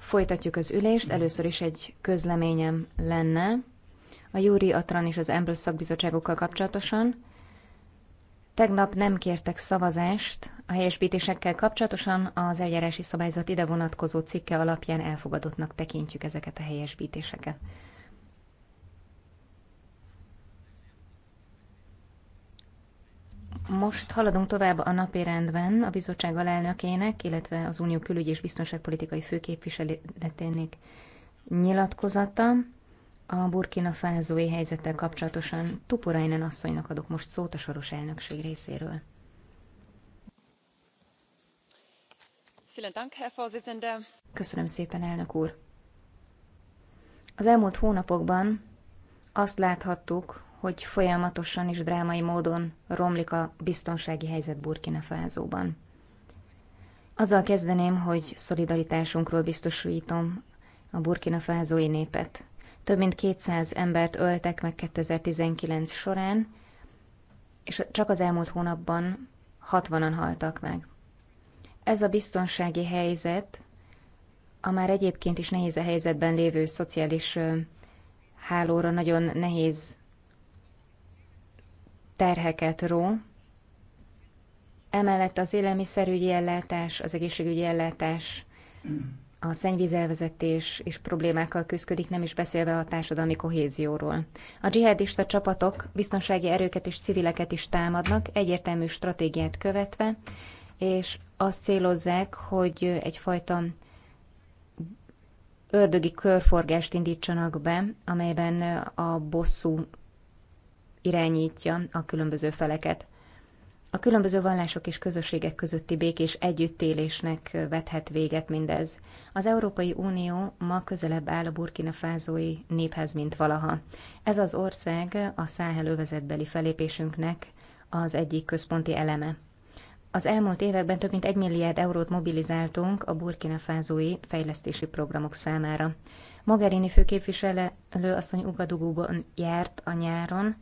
Folytatjuk az ülést, először is egy közleményem lenne a Júri, a és az Embrus szakbizottságokkal kapcsolatosan. Tegnap nem kértek szavazást a helyesbítésekkel kapcsolatosan, az eljárási szabályzat ide vonatkozó cikke alapján elfogadottnak tekintjük ezeket a helyesbítéseket. Most haladunk tovább a napi rendben a bizottság alelnökének, illetve az Unió külügy és biztonságpolitikai főképviseletének nyilatkozata. A burkina fázói helyzettel kapcsolatosan Tupurainen asszonynak adok most szót a soros elnökség részéről. Köszönöm szépen, elnök úr! Az elmúlt hónapokban azt láthattuk, hogy folyamatosan és drámai módon romlik a biztonsági helyzet Burkina Fázóban. Azzal kezdeném, hogy szolidaritásunkról biztosítom a Burkina Fázói népet. Több mint 200 embert öltek meg 2019 során, és csak az elmúlt hónapban 60-an haltak meg. Ez a biztonsági helyzet a már egyébként is nehéz a helyzetben lévő szociális hálóra nagyon nehéz terheket ró. Emellett az élelmiszerügyi ellátás, az egészségügyi ellátás, a szennyvízelvezetés és problémákkal küzdik, nem is beszélve a társadalmi kohézióról. A dzsihadista csapatok biztonsági erőket és civileket is támadnak, egyértelmű stratégiát követve, és azt célozzák, hogy egyfajta ördögi körforgást indítsanak be, amelyben a bosszú irányítja a különböző feleket. A különböző vallások és közösségek közötti békés együttélésnek vethet véget mindez. Az Európai Unió ma közelebb áll a burkina fázói néphez, mint valaha. Ez az ország a övezetbeli felépésünknek az egyik központi eleme. Az elmúlt években több mint egy milliárd eurót mobilizáltunk a burkina fázói fejlesztési programok számára. Mogherini főképviselő asszony Ugadugóban járt a nyáron,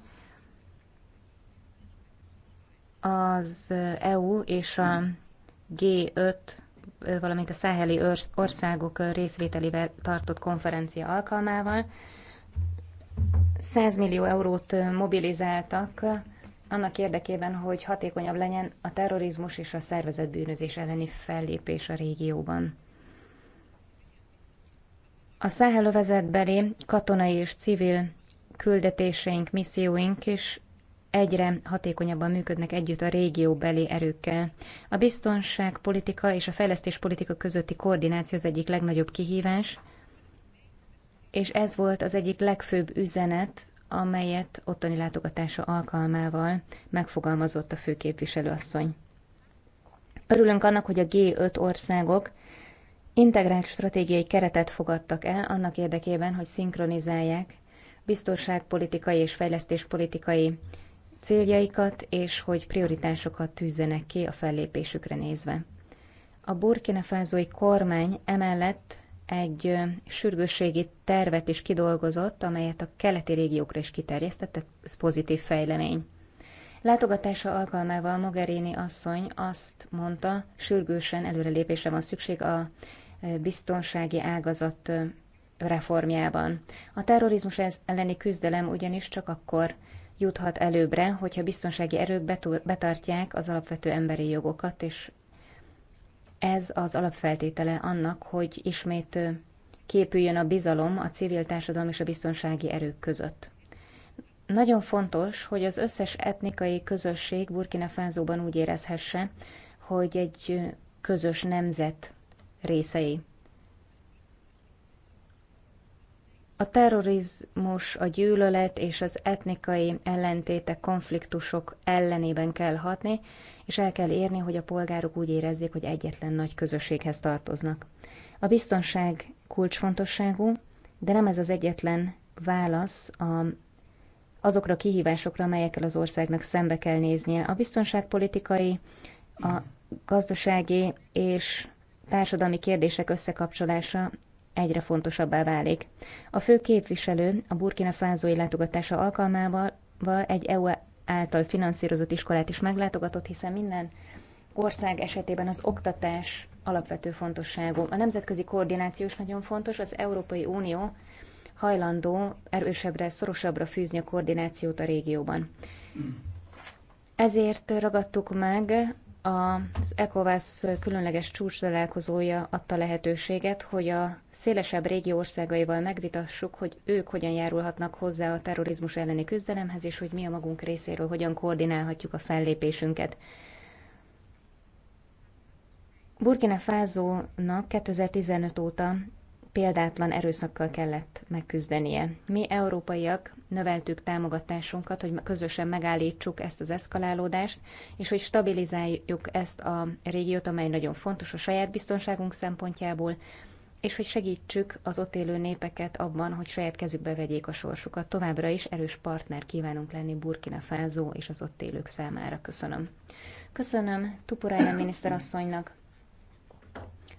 az EU és a G5, valamint a száheli országok részvételével tartott konferencia alkalmával 100 millió eurót mobilizáltak annak érdekében, hogy hatékonyabb legyen a terrorizmus és a szervezett bűnözés elleni fellépés a régióban. A száhelövezetbeli katonai és civil küldetéseink, misszióink is egyre hatékonyabban működnek együtt a régió beli erőkkel. A biztonságpolitika és a fejlesztéspolitika közötti koordináció az egyik legnagyobb kihívás, és ez volt az egyik legfőbb üzenet, amelyet ottani látogatása alkalmával megfogalmazott a főképviselőasszony. Örülünk annak, hogy a G5 országok integrált stratégiai keretet fogadtak el annak érdekében, hogy szinkronizálják biztonságpolitikai és fejlesztéspolitikai politikai céljaikat, és hogy prioritásokat tűzzenek ki a fellépésükre nézve. A burkina fázói kormány emellett egy sürgősségi tervet is kidolgozott, amelyet a keleti régiókra is kiterjesztett, ez pozitív fejlemény. Látogatása alkalmával Mogherini asszony azt mondta, sürgősen előrelépésre van szükség a biztonsági ágazat reformjában. A terrorizmus elleni küzdelem ugyanis csak akkor juthat előbbre, hogyha biztonsági erők betartják az alapvető emberi jogokat, és ez az alapfeltétele annak, hogy ismét képüljön a bizalom a civil társadalom és a biztonsági erők között. Nagyon fontos, hogy az összes etnikai közösség Burkina Fázóban úgy érezhesse, hogy egy közös nemzet részei. A terrorizmus, a gyűlölet és az etnikai ellentétek, konfliktusok ellenében kell hatni, és el kell érni, hogy a polgárok úgy érezzék, hogy egyetlen nagy közösséghez tartoznak. A biztonság kulcsfontosságú, de nem ez az egyetlen válasz a, azokra a kihívásokra, amelyekkel az országnak szembe kell néznie. A biztonságpolitikai, a gazdasági és társadalmi kérdések összekapcsolása egyre fontosabbá válik. A fő képviselő a Burkina Fázói látogatása alkalmával egy EU által finanszírozott iskolát is meglátogatott, hiszen minden ország esetében az oktatás alapvető fontosságú. A nemzetközi koordináció is nagyon fontos, az Európai Unió hajlandó erősebbre, szorosabbra fűzni a koordinációt a régióban. Ezért ragadtuk meg az ECOWAS különleges csúcs találkozója adta lehetőséget, hogy a szélesebb régi országaival megvitassuk, hogy ők hogyan járulhatnak hozzá a terrorizmus elleni küzdelemhez, és hogy mi a magunk részéről hogyan koordinálhatjuk a fellépésünket. Burkina Faso-nak 2015 óta példátlan erőszakkal kellett megküzdenie. Mi, európaiak, növeltük támogatásunkat, hogy közösen megállítsuk ezt az eszkalálódást, és hogy stabilizáljuk ezt a régiót, amely nagyon fontos a saját biztonságunk szempontjából, és hogy segítsük az ott élő népeket abban, hogy saját kezükbe vegyék a sorsukat. Továbbra is erős partner kívánunk lenni Burkina Faso és az ott élők számára. Köszönöm. Köszönöm Tupuráján miniszterasszonynak.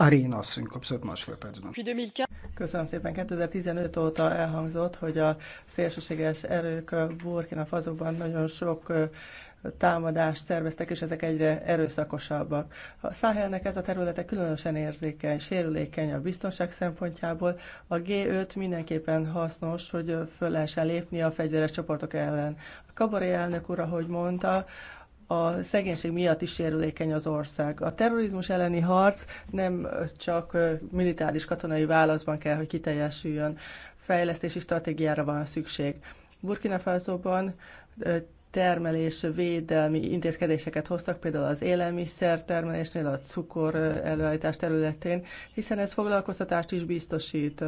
Aréna asszony kapszott másfél percben. Köszönöm szépen. 2015 óta elhangzott, hogy a szélsőséges erők Burkina Fazóban nagyon sok támadást szerveztek, és ezek egyre erőszakosabbak. A Száhelnek ez a területe különösen érzékeny, sérülékeny a biztonság szempontjából. A G5 mindenképpen hasznos, hogy föl lehessen lépni a fegyveres csoportok ellen. A Kabaré elnök úr, ahogy mondta, a szegénység miatt is sérülékeny az ország. A terrorizmus elleni harc nem csak militáris katonai válaszban kell, hogy kiteljesüljön. Fejlesztési stratégiára van szükség. Burkina Faso-ban termelés védelmi intézkedéseket hoztak, például az élelmiszer termelésnél, a cukor előállítás területén, hiszen ez foglalkoztatást is biztosít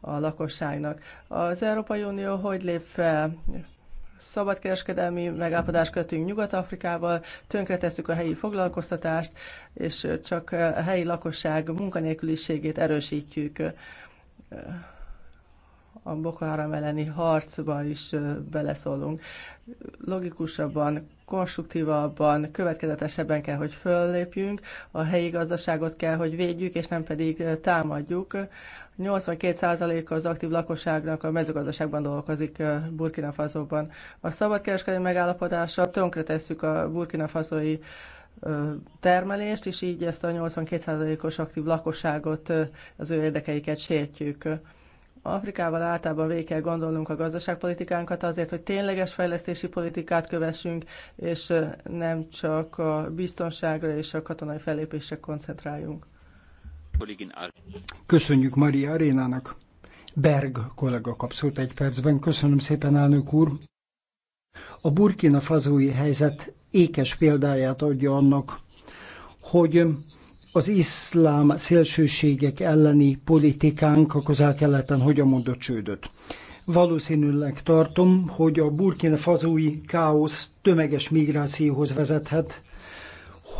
a lakosságnak. Az Európai Unió hogy lép fel? szabadkereskedelmi megállapodást kötünk Nyugat-Afrikával, tönkretesszük a helyi foglalkoztatást, és csak a helyi lakosság munkanélküliségét erősítjük. A Boko Haram elleni harcba is beleszólunk. Logikusabban, konstruktívabban, következetesebben kell, hogy föllépjünk, a helyi gazdaságot kell, hogy védjük, és nem pedig támadjuk 82% az aktív lakosságnak a mezőgazdaságban dolgozik Burkina Fasoban. A szabadkereskedelmi megállapodásra tönkretesszük a Burkina Faszói termelést, és így ezt a 82%-os aktív lakosságot, az ő érdekeiket sértjük. Afrikával általában végig kell gondolnunk a gazdaságpolitikánkat azért, hogy tényleges fejlesztési politikát kövessünk, és nem csak a biztonságra és a katonai fellépésre koncentráljunk. Köszönjük Maria Arénának. Berg kollega kapszult egy percben. Köszönöm szépen, elnök úr. A burkina fazói helyzet ékes példáját adja annak, hogy az iszlám szélsőségek elleni politikánk a közel-keleten hogyan mondott csődöt. Valószínűleg tartom, hogy a burkina fazói káosz tömeges migrációhoz vezethet,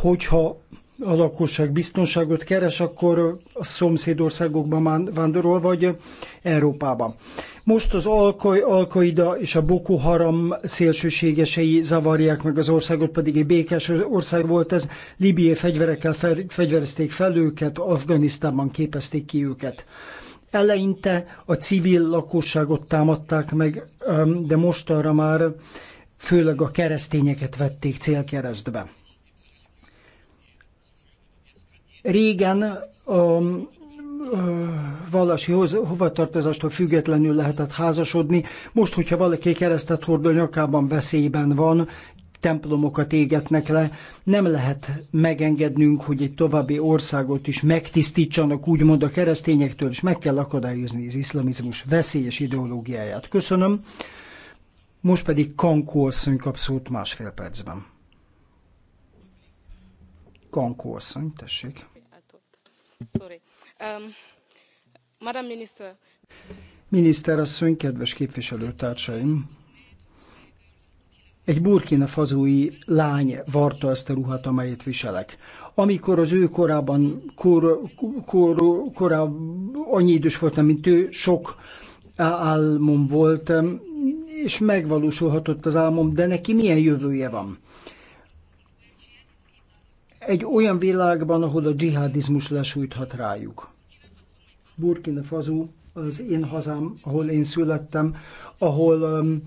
hogyha a lakosság biztonságot keres, akkor a szomszédországokban vándorol, vagy Európában. Most az Alkaida és a Boko Haram szélsőségesei zavarják meg az országot, pedig egy békés ország volt ez. Libiai fegyverekkel fel, fegyverezték fel őket, Afganisztánban képezték ki őket. Eleinte a civil lakosságot támadták meg, de mostanra már főleg a keresztényeket vették célkeresztbe. Régen a vallási hovatartozástól függetlenül lehetett házasodni. Most, hogyha valaki keresztet hord nyakában veszélyben van, templomokat égetnek le, nem lehet megengednünk, hogy egy további országot is megtisztítsanak, úgymond a keresztényektől, és meg kell akadályozni az iszlamizmus veszélyes ideológiáját. Köszönöm. Most pedig Kankó asszony kap szót másfél percben. Kankó asszony, tessék. Um, Miniszter asszony, kedves képviselőtársaim! Egy burkina fazói lány varta azt a ruhat, amelyet viselek. Amikor az ő korában, kor, kor, korában annyi idős voltam, mint ő, sok álmom volt, és megvalósulhatott az álmom, de neki milyen jövője van? egy olyan világban, ahol a dzsihadizmus lesújthat rájuk. Burkina Faso az én hazám, ahol én születtem, ahol um,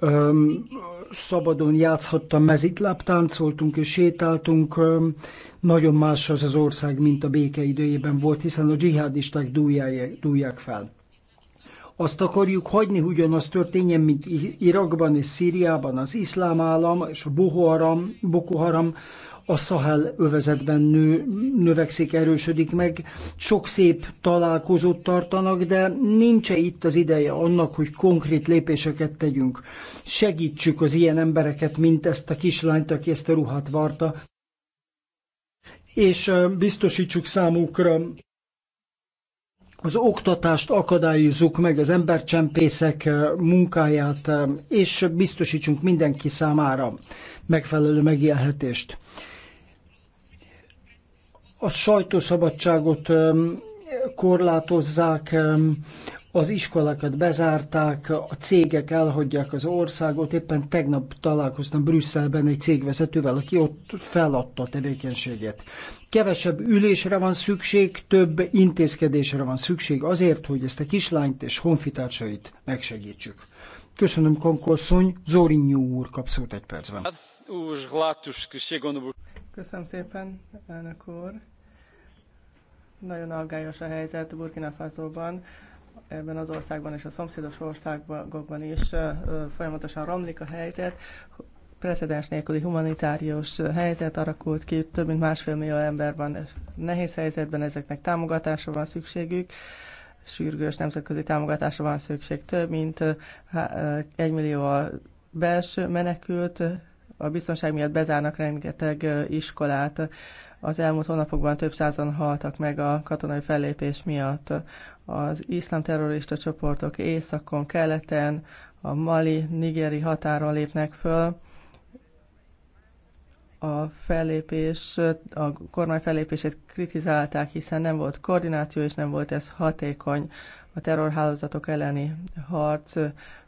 um, szabadon játszhattam mezitláb, táncoltunk és sétáltunk. Um, nagyon más az az ország, mint a béke időjében volt, hiszen a dzsihadisták dúlják, fel. Azt akarjuk hagyni, hogy ugyanaz történjen, mint Irakban és Szíriában az iszlám állam és a Boko Boko Haram a Szahel övezetben nő, növekszik, erősödik meg. Sok szép találkozót tartanak, de nincs -e itt az ideje annak, hogy konkrét lépéseket tegyünk. Segítsük az ilyen embereket, mint ezt a kislányt, aki ezt a ruhát varta, és biztosítsuk számukra az oktatást akadályozzuk meg, az embercsempészek munkáját, és biztosítsunk mindenki számára megfelelő megélhetést a sajtószabadságot korlátozzák, az iskolákat bezárták, a cégek elhagyják az országot. Éppen tegnap találkoztam Brüsszelben egy cégvezetővel, aki ott feladta a tevékenységét. Kevesebb ülésre van szükség, több intézkedésre van szükség azért, hogy ezt a kislányt és honfitársait megsegítsük. Köszönöm, Konkorszony. Zorinyú úr kap szót egy percben. Hát, Köszönöm szépen, elnök úr nagyon aggályos a helyzet Burkina Faso-ban, ebben az országban és a szomszédos országokban is folyamatosan romlik a helyzet. Precedens nélküli humanitárius helyzet alakult ki, több mint másfél millió ember van nehéz helyzetben, ezeknek támogatásra van szükségük sürgős nemzetközi támogatásra van szükség. Több mint egy millió a belső menekült, a biztonság miatt bezárnak rengeteg iskolát. Az elmúlt hónapokban több százan haltak meg a katonai fellépés miatt. Az iszlám terrorista csoportok északon, keleten, a mali-nigeri határon lépnek föl, a fellépés, a kormány fellépését kritizálták, hiszen nem volt koordináció, és nem volt ez hatékony. A terrorhálózatok elleni harc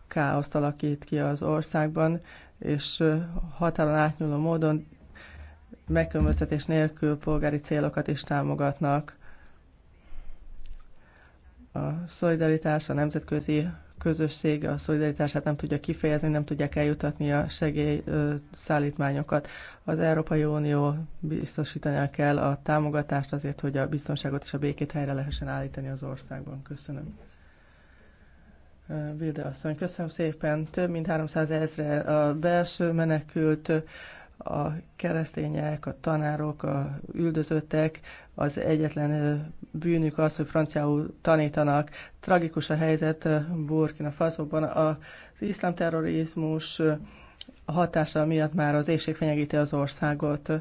káoszt alakít ki az országban, és határon átnyúló módon megkülönböztetés nélkül polgári célokat is támogatnak. A szolidaritás, a nemzetközi közösség a szolidaritását nem tudja kifejezni, nem tudják eljutatni a segélyszállítmányokat. Az Európai Unió biztosítania kell a támogatást azért, hogy a biztonságot és a békét helyre lehessen állítani az országban. Köszönöm. Vilde asszony, köszönöm szépen. Több mint 300 ezre a belső menekült a keresztények, a tanárok, a üldözöttek, az egyetlen bűnük az, hogy franciául tanítanak. Tragikus a helyzet Burkina Faszóban. Az iszlámterrorizmus hatása miatt már az éjség fenyegíti az országot.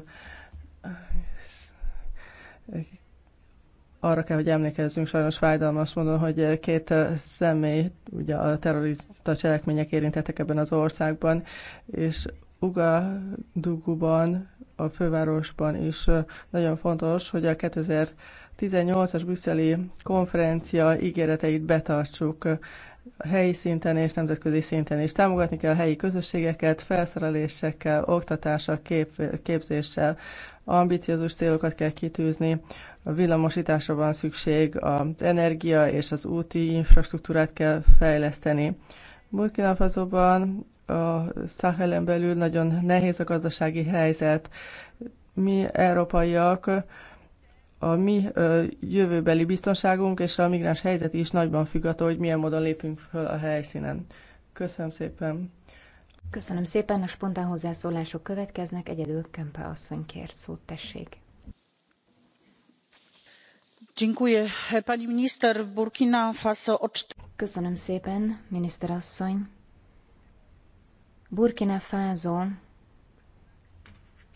Arra kell, hogy emlékezzünk sajnos fájdalmas módon, hogy két személy, ugye a terrorista cselekmények érintettek ebben az országban, és Ugaduguban, a fővárosban is nagyon fontos, hogy a 2018-as brüsszeli konferencia ígéreteit betartsuk helyi szinten és nemzetközi szinten is. Támogatni kell a helyi közösségeket felszerelésekkel, oktatással, kép, képzéssel, ambiciózus célokat kell kitűzni, a villamosításra van szükség, az energia és az úti infrastruktúrát kell fejleszteni. Burkina Fasoban a Szahelen belül nagyon nehéz a gazdasági helyzet. Mi európaiak a mi jövőbeli biztonságunk és a migráns helyzet is nagyban függ attól, hogy milyen módon lépünk föl a helyszínen. Köszönöm szépen! Köszönöm szépen, a spontán hozzászólások következnek, egyedül Kempe asszony kért szót, tessék. Köszönöm szépen, miniszter asszony. Burkina Faso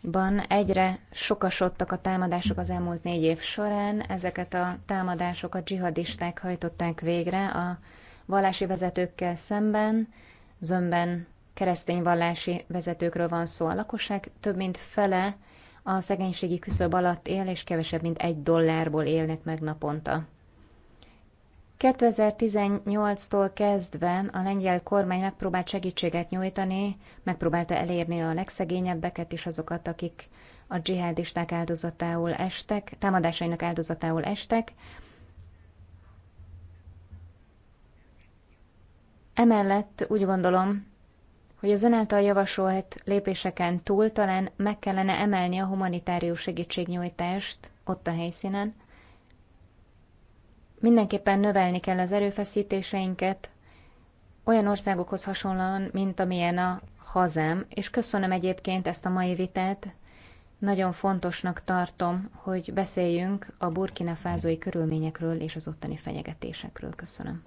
Ban egyre sokasodtak a támadások az elmúlt négy év során. Ezeket a támadásokat dzsihadisták hajtották végre a vallási vezetőkkel szemben. Zömben keresztény vallási vezetőkről van szó. A lakosság több mint fele a szegénységi küszöb alatt él, és kevesebb mint egy dollárból élnek meg naponta. 2018-tól kezdve a lengyel kormány megpróbált segítséget nyújtani, megpróbálta elérni a legszegényebbeket és azokat, akik a dzsihádisták áldozatául estek, támadásainak áldozatául estek. Emellett úgy gondolom, hogy az által javasolt lépéseken túl talán meg kellene emelni a humanitárius segítségnyújtást ott a helyszínen, Mindenképpen növelni kell az erőfeszítéseinket olyan országokhoz hasonlóan, mint amilyen a hazám, és köszönöm egyébként ezt a mai vitát. Nagyon fontosnak tartom, hogy beszéljünk a burkina fázói körülményekről és az ottani fenyegetésekről. Köszönöm.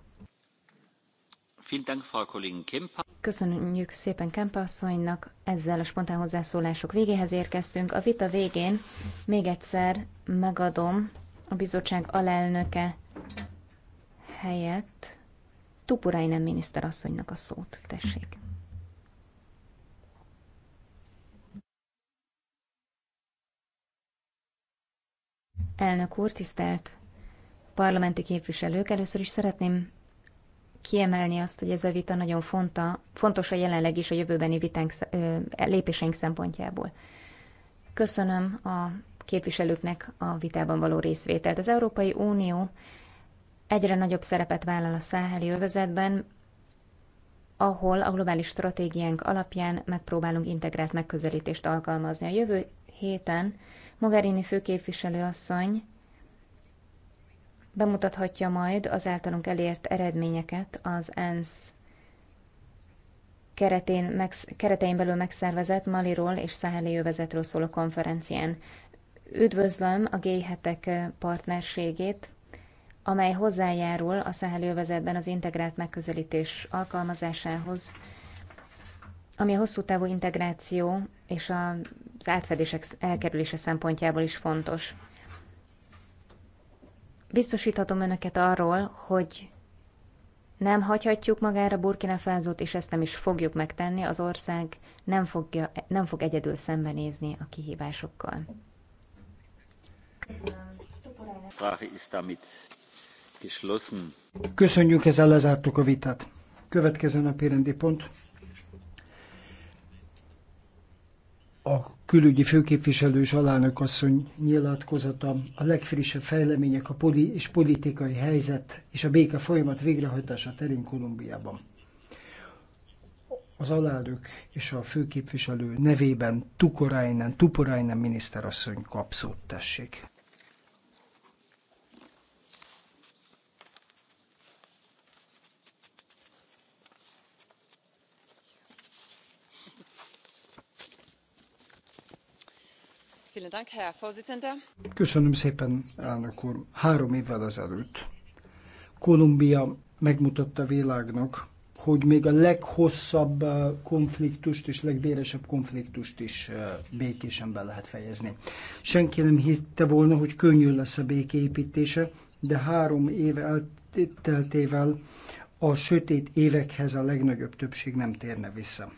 Köszönjük szépen Kempa asszonynak, ezzel a spontán hozzászólások végéhez érkeztünk. A vita végén még egyszer megadom a bizottság alelnöke helyett Tupurainen miniszterasszonynak a szót. Tessék. Elnök úr, tisztelt parlamenti képviselők, először is szeretném kiemelni azt, hogy ez a vita nagyon fonta, fontos a jelenleg és a jövőbeni vitánk, lépéseink szempontjából. Köszönöm a képviselőknek a vitában való részvételt. Az Európai Unió egyre nagyobb szerepet vállal a száheli övezetben, ahol a globális stratégiánk alapján megpróbálunk integrált megközelítést alkalmazni. A jövő héten Mogherini főképviselő asszony bemutathatja majd az általunk elért eredményeket az ENSZ keretén, meg, keretein belül megszervezett Maliról és Száheli övezetről szóló konferencián. Üdvözlöm a G7-ek partnerségét, amely hozzájárul a Száhelővezetben az integrált megközelítés alkalmazásához, ami a hosszú távú integráció és az átfedések elkerülése szempontjából is fontos. Biztosíthatom önöket arról, hogy nem hagyhatjuk magára Burkina Fázót, és ezt nem is fogjuk megtenni, az ország nem, fogja, nem fog egyedül szembenézni a kihívásokkal. Köszönöm. Köszönjük, ezzel lezártuk a vitát. Következő napi pont. A külügyi főképviselő és alelnök asszony nyilatkozata a legfrissebb fejlemények a poli és politikai helyzet és a béke folyamat végrehajtása terén Kolumbiában. Az alelnök és a főképviselő nevében Tukorainen, Tuporainen miniszterasszony kapszót tessék. Köszönöm szépen, elnök úr. Három évvel ezelőtt Kolumbia megmutatta világnak, hogy még a leghosszabb eh, konfliktust és legvéresebb konfliktust is eh, békésen be lehet fejezni. Senki nem hitte volna, hogy könnyű lesz a békéépítése, de három év elteltével a sötét évekhez a legnagyobb többség nem térne vissza.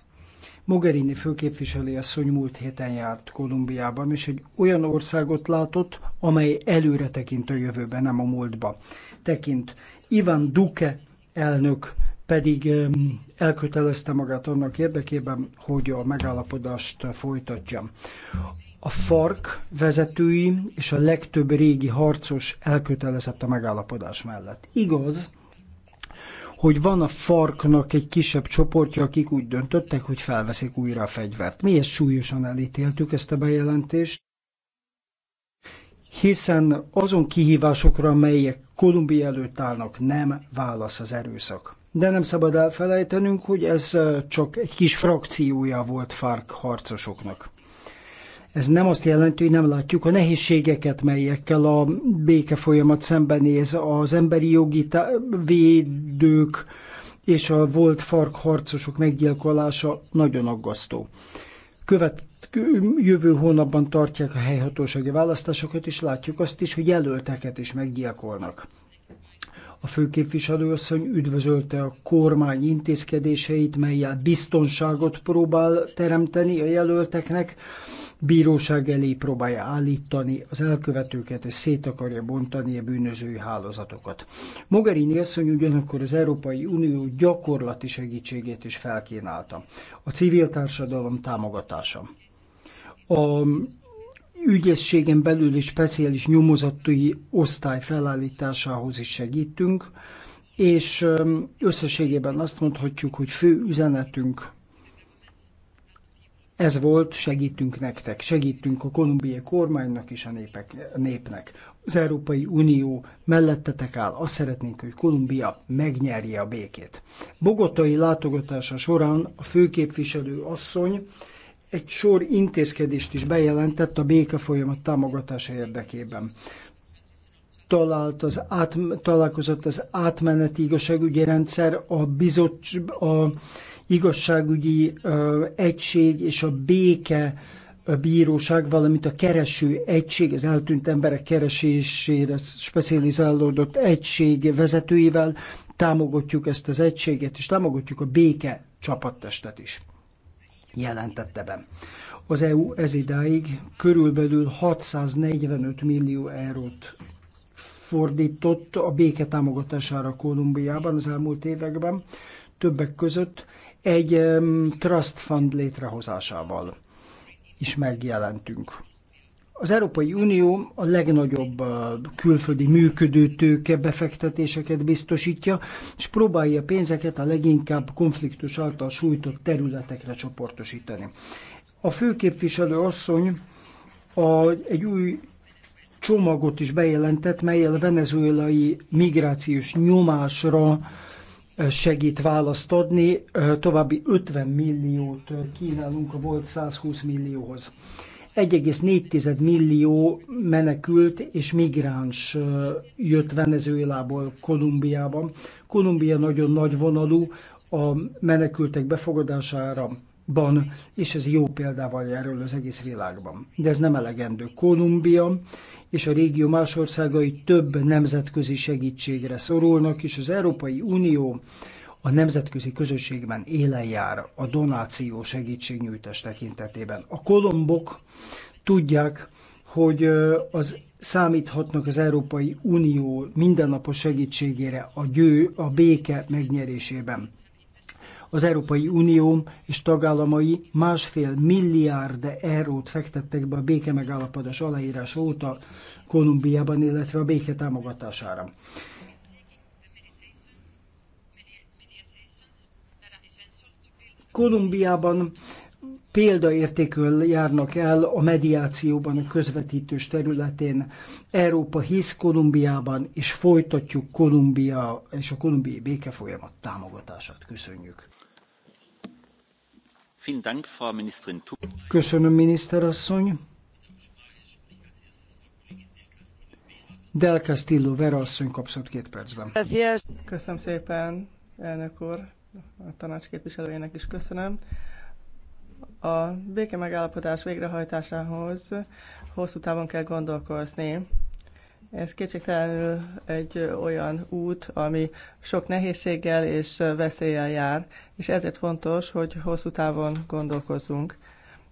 Mogherini főképviselő asszony múlt héten járt Kolumbiában, és egy olyan országot látott, amely előre tekint a jövőben, nem a múltba tekint. Ivan Duque elnök pedig elkötelezte magát annak érdekében, hogy a megállapodást folytatja. A FARC vezetői és a legtöbb régi harcos elkötelezett a megállapodás mellett. Igaz, hogy van a farknak egy kisebb csoportja, akik úgy döntöttek, hogy felveszik újra a fegyvert. Mi ezt súlyosan elítéltük, ezt a bejelentést, hiszen azon kihívásokra, amelyek Kolumbia előtt állnak, nem válasz az erőszak. De nem szabad elfelejtenünk, hogy ez csak egy kis frakciója volt FARC harcosoknak. Ez nem azt jelenti, hogy nem látjuk a nehézségeket, melyekkel a béke folyamat szembenéz az emberi jogi védők és a volt fark harcosok meggyilkolása nagyon aggasztó. Követ, jövő hónapban tartják a helyhatósági választásokat, és látjuk azt is, hogy jelölteket is meggyilkolnak. A főképviselőasszony üdvözölte a kormány intézkedéseit, melyel biztonságot próbál teremteni a jelölteknek, bíróság elé próbálja állítani az elkövetőket, és szét akarja bontani a bűnözői hálózatokat. Mogherini asszony ugyanakkor az Európai Unió gyakorlati segítségét is felkínálta. A civil társadalom támogatása. A ügyészségen belül is speciális nyomozatói osztály felállításához is segítünk, és összességében azt mondhatjuk, hogy fő üzenetünk ez volt, segítünk nektek, segítünk a kolumbiai kormánynak és a népek, a népnek. Az Európai Unió mellettetek áll, azt szeretnénk, hogy Kolumbia megnyerje a békét. Bogotai látogatása során a főképviselő asszony egy sor intézkedést is bejelentett a béke folyamat támogatása érdekében. Talált az át, találkozott az átmeneti igazságügyi rendszer, a, bizotts, a igazságügyi ö, egység és a béke a bíróság, valamint a kereső egység, az eltűnt emberek keresésére specializálódott egység vezetőivel támogatjuk ezt az egységet, és támogatjuk a béke csapattestet is jelentette be. Az EU ez idáig körülbelül 645 millió eurót fordított a béke támogatására Kolumbiában az elmúlt években, többek között egy um, trust fund létrehozásával is megjelentünk. Az Európai Unió a legnagyobb uh, külföldi működő tőke befektetéseket biztosítja, és próbálja pénzeket a leginkább konfliktus által sújtott területekre csoportosítani. A főképviselő asszony a, egy új csomagot is bejelentett, melyel a venezuelai migrációs nyomásra uh, segít választ adni, uh, további 50 milliót kínálunk a volt 120 millióhoz. 1,4 millió menekült és migráns jött Venezuelából Kolumbiában. Kolumbia nagyon nagy vonalú a menekültek befogadására, Ban, és ez jó példával erről az egész világban. De ez nem elegendő. Kolumbia és a régió más országai több nemzetközi segítségre szorulnak, és az Európai Unió a nemzetközi közösségben élen jár a donáció segítségnyújtás tekintetében. A kolombok tudják, hogy az számíthatnak az Európai Unió mindennapos segítségére a győ, a béke megnyerésében. Az Európai Unió és tagállamai másfél milliárd eurót fektettek be a béke megállapodás aláírás óta Kolumbiában, illetve a béke támogatására. Kolumbiában példaértékül járnak el a mediációban, a közvetítős területén. Európa hisz Kolumbiában, és folytatjuk Kolumbia és a kolumbiai békefolyamat támogatását. Köszönjük. Köszönöm, miniszterasszony. Del Castillo Vera asszony kapszott két percben. Köszönöm szépen, elnök úr a tanács képviselőjének is köszönöm. A béke megállapodás végrehajtásához hosszú távon kell gondolkozni. Ez kétségtelenül egy olyan út, ami sok nehézséggel és veszéllyel jár, és ezért fontos, hogy hosszú távon gondolkozzunk.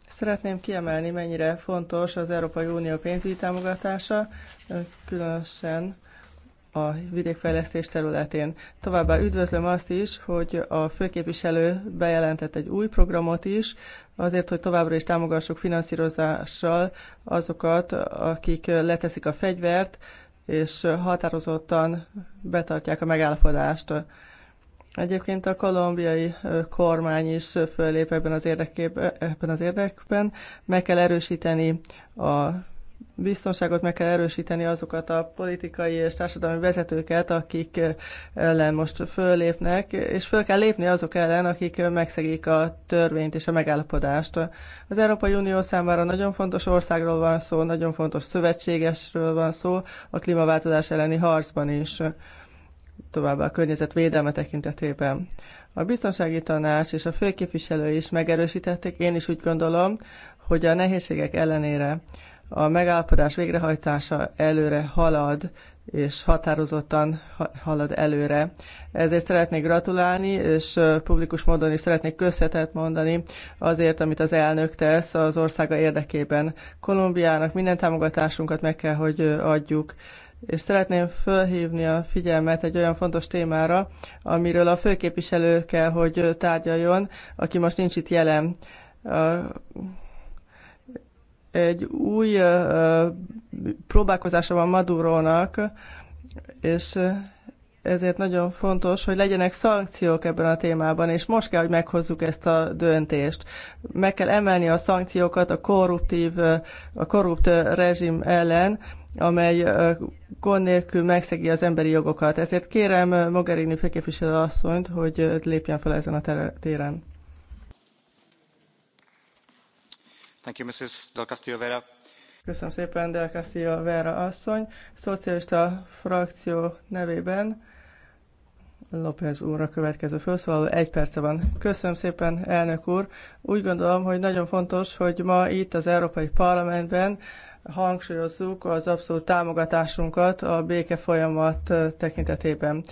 Szeretném kiemelni, mennyire fontos az Európai Unió pénzügyi támogatása, különösen a vidékfejlesztés területén. Továbbá üdvözlöm azt is, hogy a főképviselő bejelentett egy új programot is, azért, hogy továbbra is támogassuk finanszírozással azokat, akik leteszik a fegyvert, és határozottan betartják a megállapodást. Egyébként a kolumbiai kormány is fölép ebben az, ebben az érdekben. Meg kell erősíteni a biztonságot meg kell erősíteni azokat a politikai és társadalmi vezetőket, akik ellen most föllépnek, és föl kell lépni azok ellen, akik megszegik a törvényt és a megállapodást. Az Európai Unió számára nagyon fontos országról van szó, nagyon fontos szövetségesről van szó, a klímaváltozás elleni harcban is, továbbá a környezetvédelme tekintetében. A biztonsági tanács és a főképviselő is megerősítették, én is úgy gondolom, hogy a nehézségek ellenére a megállapodás végrehajtása előre halad, és határozottan halad előre. Ezért szeretnék gratulálni, és publikus módon is szeretnék köszönetet mondani azért, amit az elnök tesz az országa érdekében. Kolumbiának minden támogatásunkat meg kell, hogy adjuk. És szeretném fölhívni a figyelmet egy olyan fontos témára, amiről a főképviselő kell, hogy tárgyaljon, aki most nincs itt jelen egy új próbálkozása van Madurónak, és ezért nagyon fontos, hogy legyenek szankciók ebben a témában, és most kell, hogy meghozzuk ezt a döntést. Meg kell emelni a szankciókat a korruptív, a korrupt rezsim ellen, amely gond nélkül megszegi az emberi jogokat. Ezért kérem Mogherini főképviselő asszonyt, hogy lépjen fel ezen a téren. Thank you, Mrs. Del Castillo Vera. Köszönöm szépen, Del Castillo Vera asszony. Szocialista frakció nevében López úr a következő felszólaló. Egy perce van. Köszönöm szépen, elnök úr. Úgy gondolom, hogy nagyon fontos, hogy ma itt az Európai Parlamentben hangsúlyozzuk az abszolút támogatásunkat a béke folyamat tekintetében.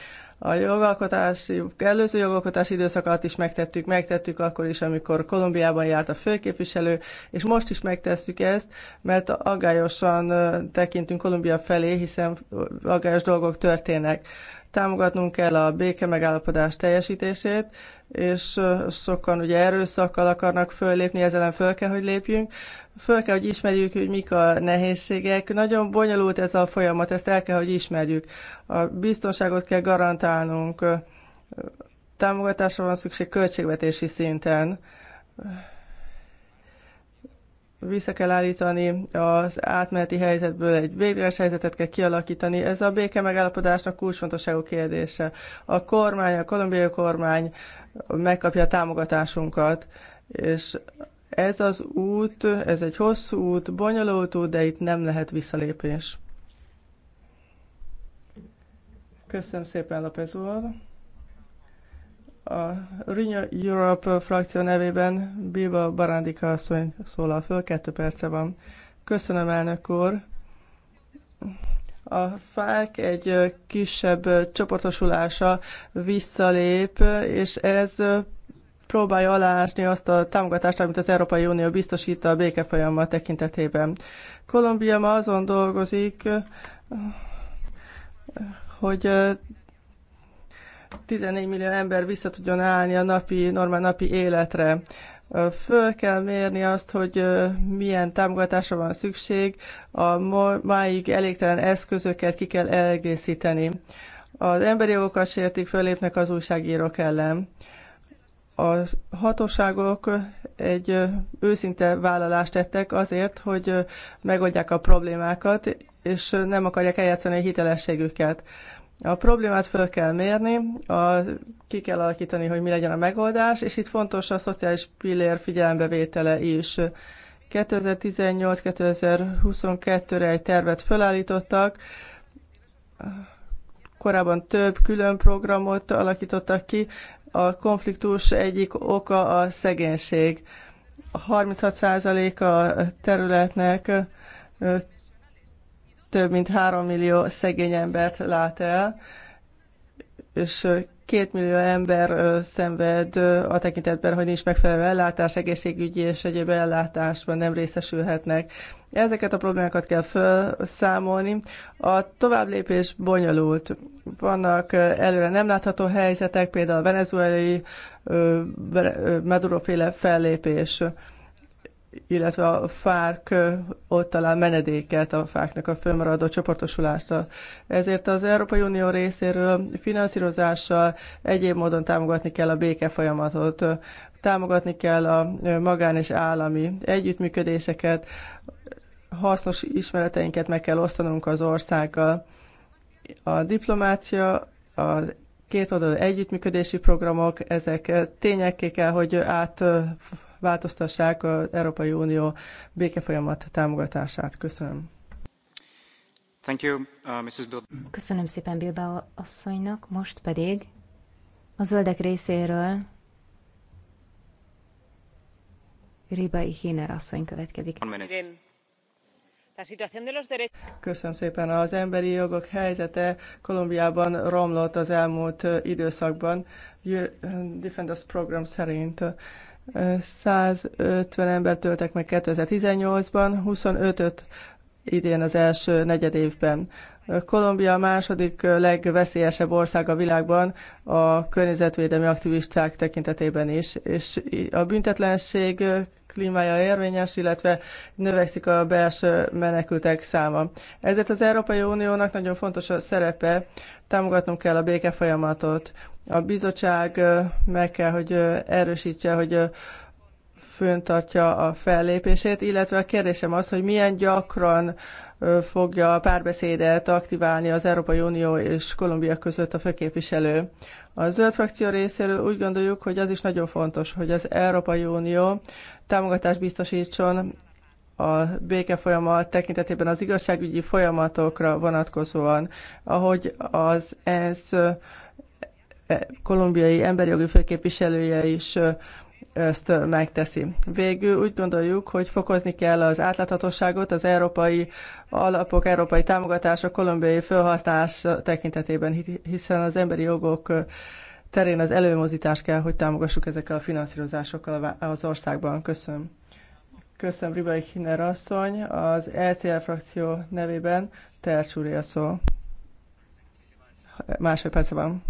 A jogalkotási, előző jogalkotási időszakat is megtettük, megtettük akkor is, amikor Kolumbiában járt a főképviselő, és most is megtesszük ezt, mert aggályosan tekintünk Kolumbia felé, hiszen aggályos dolgok történnek. Támogatnunk kell a béke megállapodás teljesítését, és sokan ugye erőszakkal akarnak föllépni, ezzel ellen föl kell, hogy lépjünk. Föl kell, hogy ismerjük, hogy mik a nehézségek. Nagyon bonyolult ez a folyamat, ezt el kell, hogy ismerjük. A biztonságot kell garantálnunk, támogatásra van szükség költségvetési szinten vissza kell állítani az átmeneti helyzetből, egy végleges helyzetet kell kialakítani. Ez a béke megállapodásnak kulcsfontosságú kérdése. A kormány, a kolumbiai kormány megkapja a támogatásunkat, és ez az út, ez egy hosszú út, bonyolult út, de itt nem lehet visszalépés. Köszönöm szépen, López úr. A Rinya Europe frakció nevében Biba Barándika asszony szólal föl, kettő perce van. Köszönöm, elnök úr. A fák egy kisebb csoportosulása visszalép, és ez próbálja aláásni azt a támogatást, amit az Európai Unió biztosít a békefolyamat tekintetében. Kolumbia ma azon dolgozik, hogy 14 eh, millió ember vissza tudjon állni a napi, normál napi életre. Eh, föl kell mérni azt, hogy eh, milyen támogatásra van szükség, a máig elégtelen eszközöket ki kell elgészíteni. Az emberi jogokat sértik, fölépnek az újságírók ellen. A hatóságok egy őszinte vállalást tettek azért, hogy megoldják a problémákat, és nem akarják eljátszani a hitelességüket. A problémát föl kell mérni, a, ki kell alakítani, hogy mi legyen a megoldás, és itt fontos a szociális pillér figyelembevétele is. 2018-2022-re egy tervet felállítottak. korábban több külön programot alakítottak ki, a konfliktus egyik oka a szegénység. 36% a területnek több mint 3 millió szegény embert lát el, és Két millió ember szenved a tekintetben, hogy nincs megfelelő ellátás, egészségügyi és egyéb ellátásban nem részesülhetnek. Ezeket a problémákat kell felszámolni. A továbblépés bonyolult. Vannak előre nem látható helyzetek, például a venezuelai Maduro-féle fellépés illetve a fák ott talál menedéket a fáknak a fölmaradó csoportosulásra. Ezért az Európai Unió részéről finanszírozással egyéb módon támogatni kell a béke folyamatot, támogatni kell a magán és állami együttműködéseket, hasznos ismereteinket meg kell osztanunk az országgal. A diplomácia, a két kétoldalú együttműködési programok, ezek tényekké kell, hogy át változtassák az Európai Unió békefolyamat támogatását. Köszönöm. Thank you, uh, Mrs. Köszönöm szépen Bilbao asszonynak, most pedig a zöldek részéről Ribai Hiner asszony következik. Köszönöm szépen. Az emberi jogok helyzete Kolumbiában romlott az elmúlt időszakban. Defenders program szerint 150 ember töltek meg 2018-ban, 25-öt idén az első negyed évben. Kolumbia a második legveszélyesebb ország a világban a környezetvédelmi aktivisták tekintetében is, és a büntetlenség klímája érvényes, illetve növekszik a belső menekültek száma. Ezért az Európai Uniónak nagyon fontos a szerepe, támogatnunk kell a békefolyamatot. A bizottság meg kell, hogy erősítse, hogy föntartja a fellépését, illetve a kérdésem az, hogy milyen gyakran fogja a párbeszédet aktiválni az Európai Unió és Kolumbia között a főképviselő. A zöld frakció részéről úgy gondoljuk, hogy az is nagyon fontos, hogy az Európai Unió támogatást biztosítson a béke folyamat tekintetében az igazságügyi folyamatokra vonatkozóan, ahogy az ENSZ kolumbiai emberjogi főképviselője is ezt megteszi. Végül úgy gondoljuk, hogy fokozni kell az átláthatóságot az európai alapok, európai támogatások kolumbiai felhasználás tekintetében, hiszen az emberi jogok terén az előmozítás kell, hogy támogassuk ezekkel a finanszírozásokkal az országban. Köszönöm. Köszönöm Ribai Kiner asszony, az ECL frakció nevében Tercsúri a szó. Másfél perc van.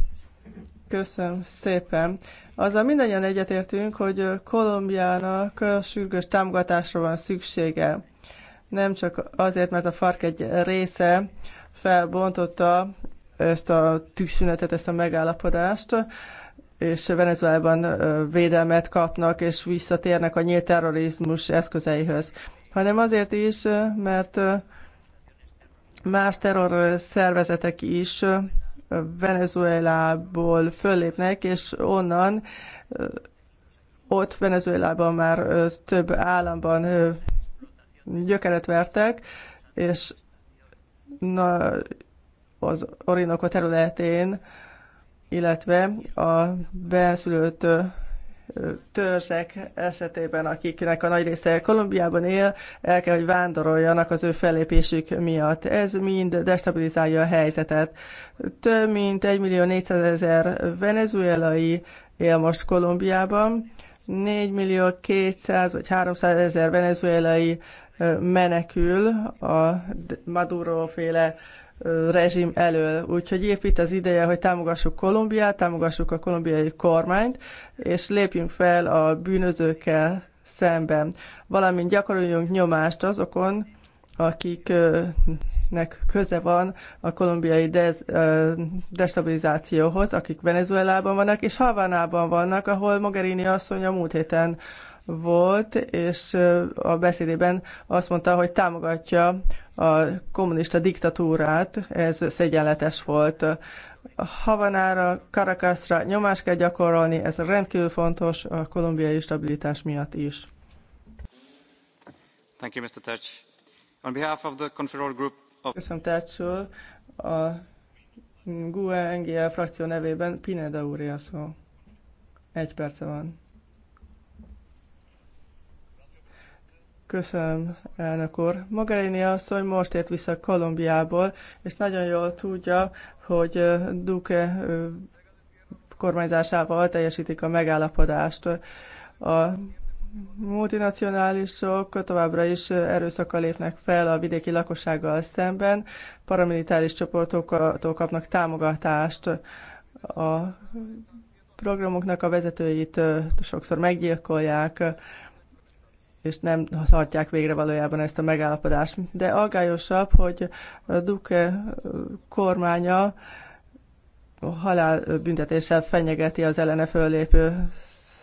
Köszönöm szépen. Azzal mindannyian egyetértünk, hogy Kolumbiának sürgős támogatásra van szüksége. Nem csak azért, mert a FARC egy része felbontotta ezt a tűzszünetet, ezt a megállapodást, és Venezuelában védelmet kapnak, és visszatérnek a nyílt terrorizmus eszközeihez, hanem azért is, mert más terror szervezetek is Venezuelából föllépnek, és onnan ott Venezuelában már több államban gyökeret vertek, és na, az Orinoco területén, illetve a benszülött törzsek esetében, akiknek a nagy része Kolumbiában él, el kell, hogy vándoroljanak az ő fellépésük miatt. Ez mind destabilizálja a helyzetet. Több mint 1 millió 400 ezer venezuelai él most Kolumbiában, 4 millió 200 vagy 300 ezer venezuelai menekül a Maduro féle rezsim elől. Úgyhogy épp itt az ideje, hogy támogassuk Kolumbiát, támogassuk a kolumbiai kormányt, és lépjünk fel a bűnözőkkel szemben. Valamint gyakoroljunk nyomást azokon, akiknek köze van a kolumbiai dez, destabilizációhoz, akik Venezuelában vannak, és Havánában vannak, ahol Mogherini asszony a múlt héten volt, és a beszédében azt mondta, hogy támogatja a kommunista diktatúrát, ez szégyenletes volt. Havanára, Caracasra nyomást kell gyakorolni, ez rendkívül fontos a kolumbiai stabilitás miatt is. Thank you, Mr. Tetsch. On behalf of the Confederal Group of... Köszönöm, Tetsch úr. A GUE NGL frakció nevében Pineda úr szó. Egy perce van. Köszönöm, elnök úr. Mogherini asszony most ért vissza Kolumbiából, és nagyon jól tudja, hogy Duque kormányzásával teljesítik a megállapodást. A multinacionálisok továbbra is erőszakkal lépnek fel a vidéki lakossággal szemben, paramilitáris csoportoktól kapnak támogatást. A programoknak a vezetőit sokszor meggyilkolják, és nem tartják végre valójában ezt a megállapodást. De aggályosabb, hogy a Duke kormánya halálbüntetéssel fenyegeti az ellene föllépő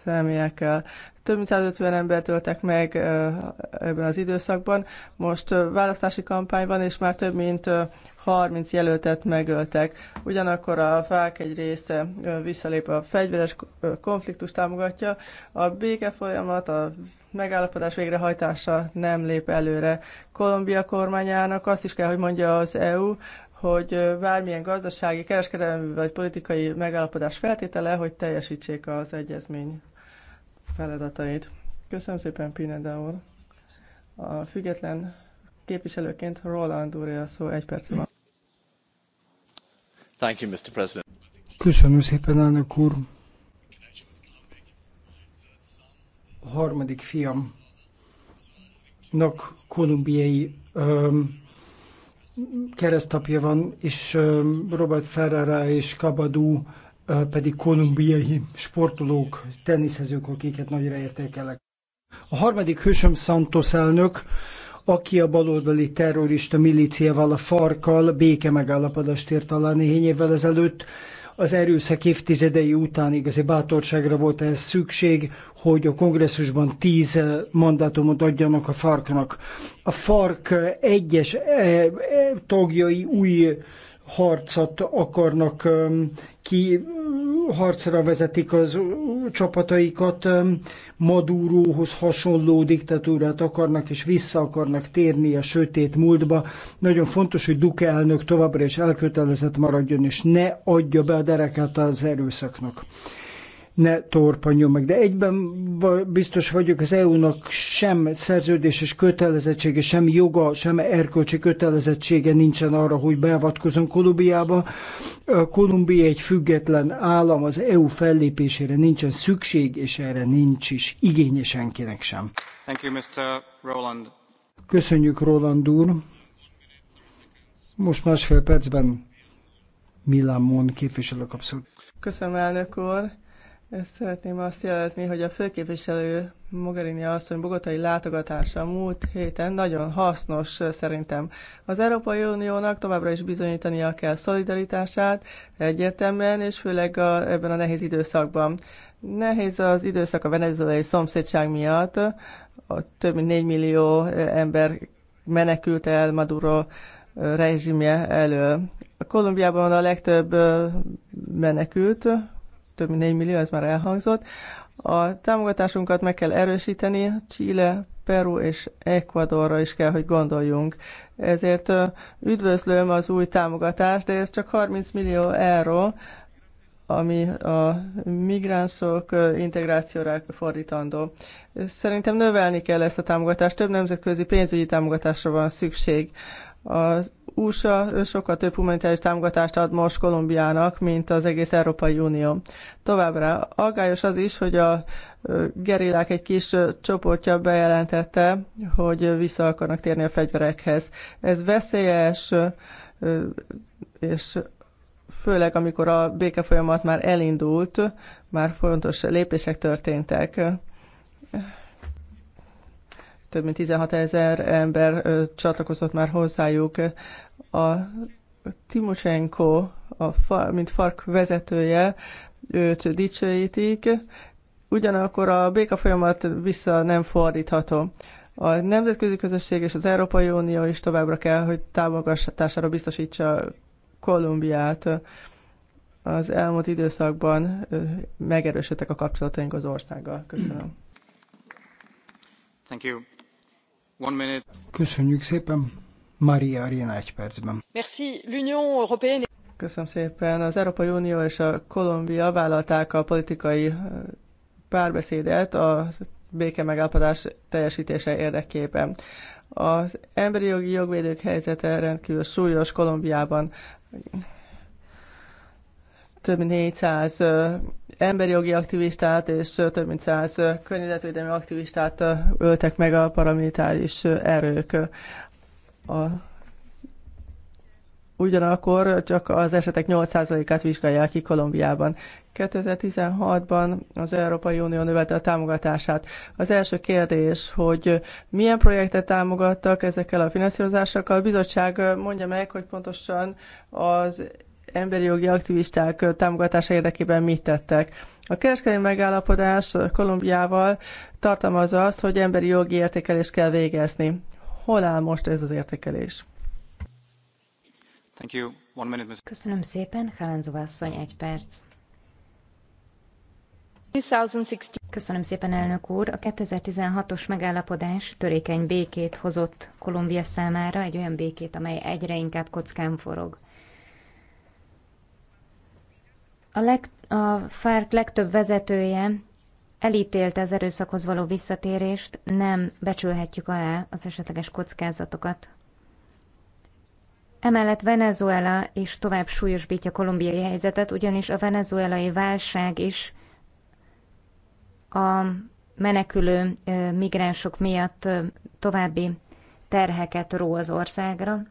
személyekkel. Több mint 150 embert öltek meg ebben az időszakban. Most választási kampány van, és már több mint 30 jelöltet megöltek. Ugyanakkor a fák egy része visszalép a fegyveres konfliktus támogatja. A béke folyamat, a megállapodás végrehajtása nem lép előre. Kolumbia kormányának azt is kell, hogy mondja az EU, hogy bármilyen gazdasági, kereskedelmi vagy politikai megállapodás feltétele, hogy teljesítsék az egyezmény feladatait. Köszönöm szépen, Pineda úr. A független képviselőként Roland úr a szó egy perc van. Thank you, Mr. President. Köszönöm szépen, elnök úr. A harmadik fiamnak kolumbiai um, keresztapja van, és um, Robert Ferrara és Kabadú pedig kolumbiai sportolók, teniszezők, akiket nagyra értékelek. A harmadik hősöm Santos elnök, aki a baloldali terrorista milíciával, a farkal béke megállapodást ért alá néhány évvel ezelőtt, az erőszak évtizedei után igazi bátorságra volt ez szükség, hogy a kongresszusban tíz mandátumot adjanak a farknak. A fark egyes tagjai új harcot akarnak ki, harcra vezetik az csapataikat, Maduróhoz hasonló diktatúrát akarnak, és vissza akarnak térni a sötét múltba. Nagyon fontos, hogy Duke elnök továbbra is elkötelezett maradjon, és ne adja be a derekát az erőszaknak ne torpanjon meg. De egyben biztos vagyok, az EU-nak sem szerződéses kötelezettsége, sem joga, sem erkölcsi kötelezettsége nincsen arra, hogy beavatkozom Kolumbiába. Kolumbia egy független állam, az EU fellépésére nincsen szükség, és erre nincs is igénye senkinek sem. Thank you, Mr. Roland. Köszönjük, Roland úr. Most másfél percben Milán Mon képviselő kapszul. Köszönöm, elnök úr. Ezt szeretném azt jelezni, hogy a főképviselő Mogherini asszony bogotai látogatása múlt héten nagyon hasznos szerintem. Az Európai Uniónak továbbra is bizonyítania kell szolidaritását egyértelműen, és főleg a, ebben a nehéz időszakban. Nehéz az időszak a venezuelai szomszédság miatt, a több mint 4 millió ember menekült el Maduro rezsimje elől. A Kolumbiában a legtöbb menekült, több mint 4 millió, ez már elhangzott. A támogatásunkat meg kell erősíteni, Chile, Peru és Ecuadorra is kell, hogy gondoljunk. Ezért üdvözlöm az új támogatást, de ez csak 30 millió euró, ami a migránsok integrációra fordítandó. Szerintem növelni kell ezt a támogatást, több nemzetközi pénzügyi támogatásra van szükség. Az USA sokkal több humanitárius támogatást ad most Kolumbiának, mint az egész Európai Unió. Továbbra aggályos az is, hogy a gerillák egy kis csoportja bejelentette, hogy vissza akarnak térni a fegyverekhez. Ez veszélyes, és főleg amikor a békefolyamat már elindult, már fontos lépések történtek több mint 16 ezer ember csatlakozott már hozzájuk. A Timoshenko, a, mint FARC vezetője, őt dicsőítik, ugyanakkor a béka folyamat vissza nem fordítható. A nemzetközi közösség és az Európai Unió is továbbra kell, hogy támogatására biztosítsa Kolumbiát. Az elmúlt időszakban megerősödtek a kapcsolataink az országgal. Köszönöm. Thank you. Köszönjük szépen. Maria Arena egy percben. Merci. L'Union Européenne... Köszönöm szépen. Az Európai Unió és a Kolumbia vállalták a politikai párbeszédet a béke megállapodás teljesítése érdekében. Az emberi jogi jogvédők helyzete rendkívül súlyos Kolumbiában több mint 400 emberi jogi aktivistát és több mint 100 környezetvédelmi aktivistát öltek meg a paramilitáris erők. A Ugyanakkor csak az esetek 8%-át vizsgálják ki Kolumbiában. 2016-ban az Európai Unió növelte a támogatását. Az első kérdés, hogy milyen projektet támogattak ezekkel a finanszírozásokkal. A bizottság mondja meg, hogy pontosan az emberi jogi aktivisták támogatása érdekében mit tettek. A kereskedelmi megállapodás Kolumbiával tartalmazza azt, hogy emberi jogi értékelést kell végezni. Hol áll most ez az értékelés? Thank you. One minute, Ms. Köszönöm szépen, Hálánzova asszony, egy perc. Köszönöm szépen, elnök úr. A 2016-os megállapodás törékeny békét hozott Kolumbia számára, egy olyan békét, amely egyre inkább kockán forog. A, leg, a FARC legtöbb vezetője elítélte az erőszakhoz való visszatérést, nem becsülhetjük alá az esetleges kockázatokat. Emellett Venezuela is tovább súlyosbítja kolumbiai helyzetet, ugyanis a venezuelai válság is a menekülő migránsok miatt további terheket ró az országra.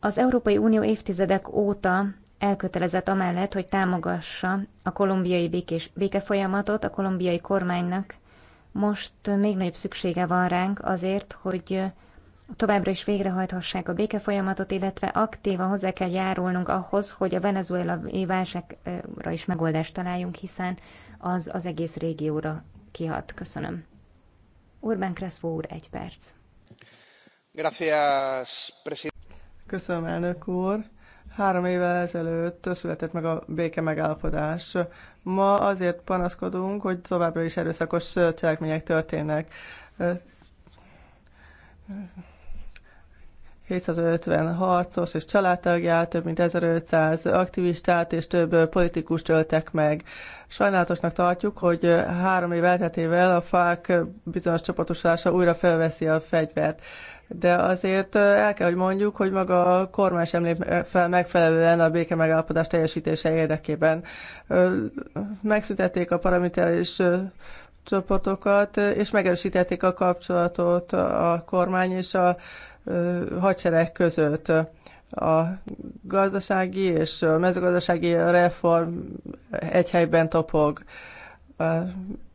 Az Európai Unió évtizedek óta elkötelezett amellett, hogy támogassa a kolumbiai békés, békefolyamatot, a kolumbiai kormánynak most még nagyobb szüksége van ránk azért, hogy továbbra is végrehajthassák a békefolyamatot, illetve aktívan hozzá kell járulnunk ahhoz, hogy a venezuelai válságra is megoldást találjunk, hiszen az az egész régióra kihat. Köszönöm. Urbán Crespo úr, egy perc. Gracias, Köszönöm, elnök úr. Három évvel ezelőtt született meg a béke megállapodás. Ma azért panaszkodunk, hogy továbbra is erőszakos cselekmények történnek. 750 harcos és családtagját, több mint 1500 aktivistát és több politikust öltek meg. Sajnálatosnak tartjuk, hogy három év elteltével a fák bizonyos csoportosulása újra felveszi a fegyvert de azért el kell, hogy mondjuk, hogy maga a kormány sem lép fel megfelelően a béke megállapodás teljesítése érdekében. Megszüntették a paramilitáris csoportokat, és megerősítették a kapcsolatot a kormány és a hadsereg között a gazdasági és a mezőgazdasági reform egy helyben topog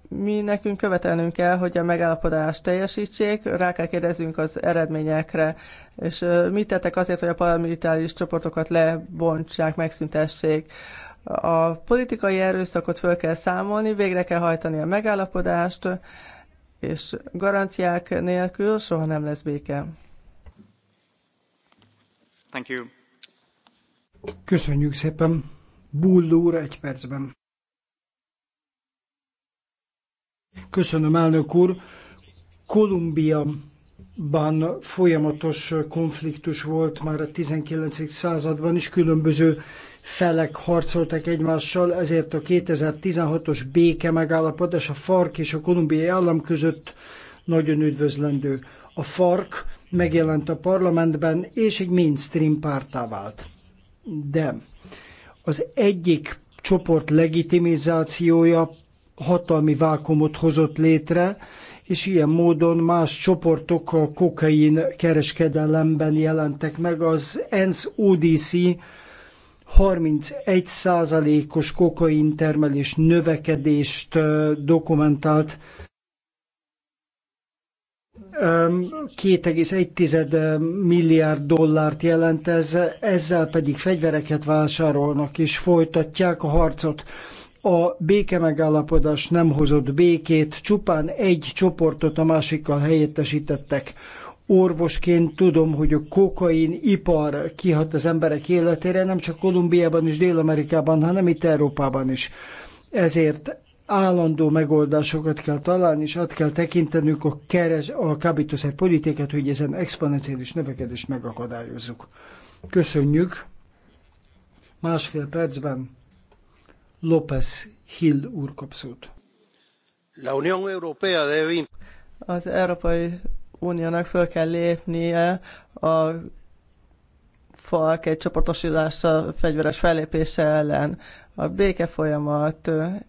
mi nekünk követelnünk kell, hogy a megállapodást teljesítsék, rá kell kérdezünk az eredményekre, és mit tettek azért, hogy a paramilitáris csoportokat lebontsák, megszüntessék. A politikai erőszakot föl kell számolni, végre kell hajtani a megállapodást, és garanciák nélkül soha nem lesz béke. Thank you. Köszönjük szépen. Bullúr egy percben. Köszönöm, elnök úr. Kolumbiaban folyamatos konfliktus volt már a 19. században is, különböző felek harcoltak egymással, ezért a 2016-os béke megállapodás a FARC és a kolumbiai állam között nagyon üdvözlendő. A FARC megjelent a parlamentben, és egy mainstream pártá vált. De az egyik csoport legitimizációja hatalmi vákumot hozott létre, és ilyen módon más csoportok a kokain kereskedelemben jelentek meg. Az ENSZ ODC 31%-os kokain termelés növekedést dokumentált 2,1 milliárd dollárt jelent ez, ezzel pedig fegyvereket vásárolnak és folytatják a harcot a béke megállapodás nem hozott békét, csupán egy csoportot a másikkal helyettesítettek. Orvosként tudom, hogy a kokain ipar kihat az emberek életére, nem csak Kolumbiában és Dél-Amerikában, hanem itt Európában is. Ezért állandó megoldásokat kell találni, és át kell tekintenünk a, keres, a kábítószer politikát, hogy ezen exponenciális növekedést megakadályozzuk. Köszönjük! Másfél percben López Hill úr kap szót. Az Európai Uniónak föl kell lépnie a falk egy csoportosítása, fegyveres fellépése ellen. A béke folyamat eh,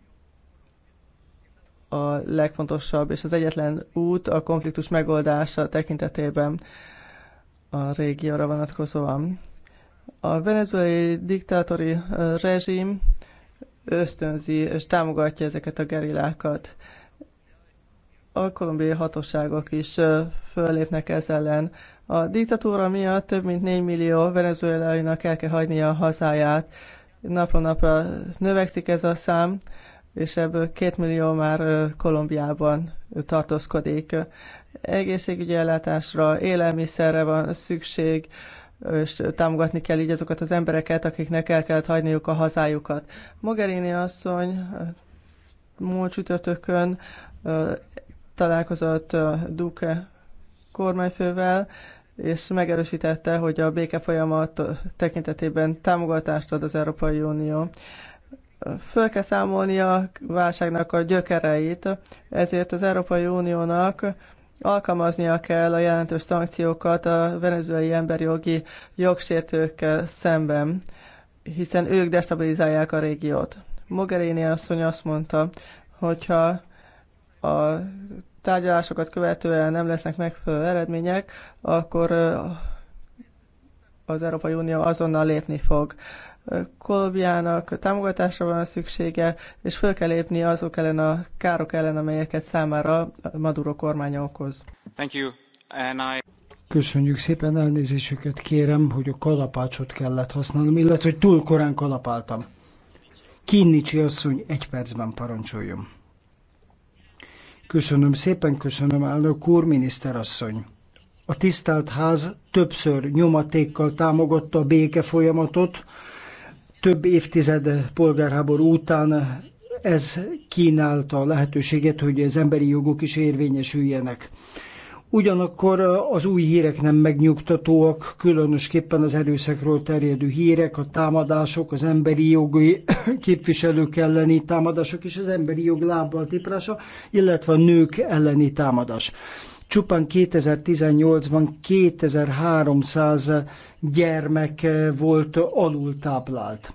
a legfontosabb és az egyetlen út a konfliktus megoldása tekintetében a régióra vonatkozóan. A venezuelai diktátori eh, rezsim ösztönzi és támogatja ezeket a gerillákat. A kolumbiai hatóságok is föllépnek ez ellen. A diktatúra miatt több mint 4 millió venezuelainak el kell hagynia a hazáját. Napról napra növekszik ez a szám, és ebből 2 millió már Kolumbiában tartózkodik. Egészségügyi ellátásra, élelmiszerre van szükség, és támogatni kell így azokat az embereket, akiknek el kellett hagyniuk a hazájukat. Mogherini asszony múlt csütörtökön találkozott Duke kormányfővel, és megerősítette, hogy a béke folyamat tekintetében támogatást ad az Európai Unió. Föl kell számolni a válságnak a gyökereit, ezért az Európai Uniónak alkalmaznia kell a jelentős szankciókat a venezuelai emberjogi jogsértőkkel szemben, hiszen ők destabilizálják a régiót. Mogherini asszony azt mondta, hogyha a tárgyalásokat követően nem lesznek megfelelő eredmények, akkor az Európai Unió azonnal lépni fog. Kolumbiának támogatásra van szüksége, és föl kell lépni azok ellen a károk ellen, amelyeket számára Maduro kormánya okoz. Thank you. And I... Köszönjük szépen, elnézésüket kérem, hogy a kalapácsot kellett használnom, illetve hogy túl korán kalapáltam. Kinnicsi asszony egy percben parancsoljon. Köszönöm szépen, köszönöm elnök úr, miniszterasszony. A tisztelt ház többször nyomatékkal támogatta a béke folyamatot, több évtized polgárháború után ez kínálta a lehetőséget, hogy az emberi jogok is érvényesüljenek. Ugyanakkor az új hírek nem megnyugtatóak, különösképpen az erőszakról terjedő hírek, a támadások, az emberi jogi képviselők elleni támadások és az emberi jog lábbal tiprása, illetve a nők elleni támadás. Csupán 2018-ban 2300 gyermek eh, volt alultáplált.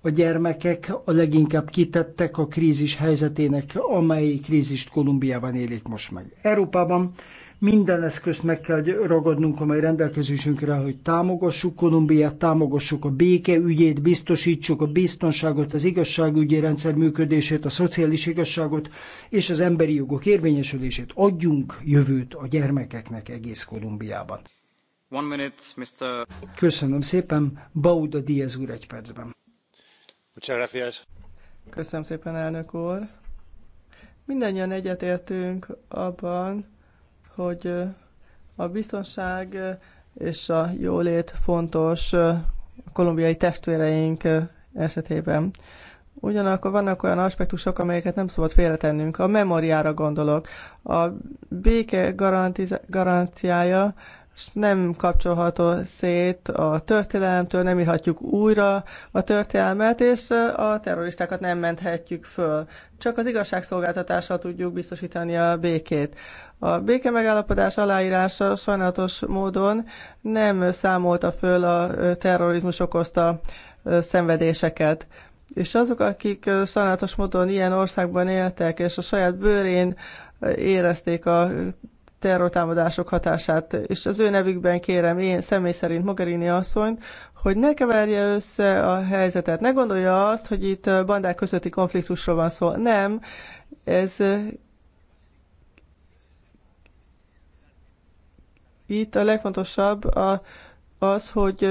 A gyermekek a leginkább kitettek a krízis helyzetének, amely krízist Kolumbiában élik most meg. Európában minden eszközt meg kell ragadnunk, amely rendelkezésünkre, hogy támogassuk Kolumbiát, támogassuk a béke ügyét, biztosítsuk a biztonságot, az igazságügyi rendszer működését, a szociális igazságot és az emberi jogok érvényesülését. Adjunk jövőt a gyermekeknek egész Kolumbiában. One minute, Mr. Köszönöm szépen, Bauda Diaz úr egy percben. Köszönöm szépen, elnök úr. Mindennyian egyetértünk abban, hogy a biztonság és a jólét fontos a kolumbiai testvéreink esetében. Ugyanakkor vannak olyan aspektusok, amelyeket nem szabad félretennünk. A memóriára gondolok. A béke garanciája nem kapcsolható szét a történelemtől, nem írhatjuk újra a történelmet, és a terroristákat nem menthetjük föl. Csak az igazságszolgáltatásra tudjuk biztosítani a békét. A béke megállapodás aláírása sajnálatos módon nem számolta föl a terrorizmus okozta szenvedéseket. És azok, akik sajnálatos módon ilyen országban éltek, és a saját bőrén érezték a terrortámadások hatását, és az ő nevükben kérem én személy szerint Mogherini asszonyt, hogy ne keverje össze a helyzetet, ne gondolja azt, hogy itt bandák közötti konfliktusról van szó. Nem, ez Itt a legfontosabb a, az, hogy